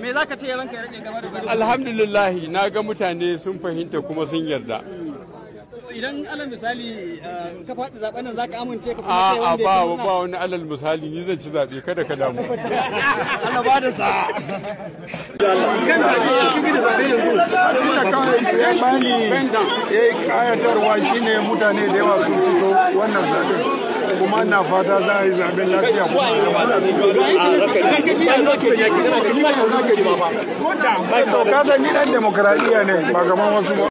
Me za ka ce ranka ya rage game da Alhamdulillah na ga mutane sun fahimta kuma sun yarda. Idan alal misali eh, ka faɗi zaɓen nan za ka amince ka kuma ce wanda ya ba wani alal misali ni zan ci zaɓe kada ka damu. Allah ba da sa'a. kawai ya yi kayatarwa shine mutane da yawa sun fito wannan zaɓen. kuma na fata za a yi zaben lafiya kuma na gaba. Ko da, ka san ne ba wasu ba.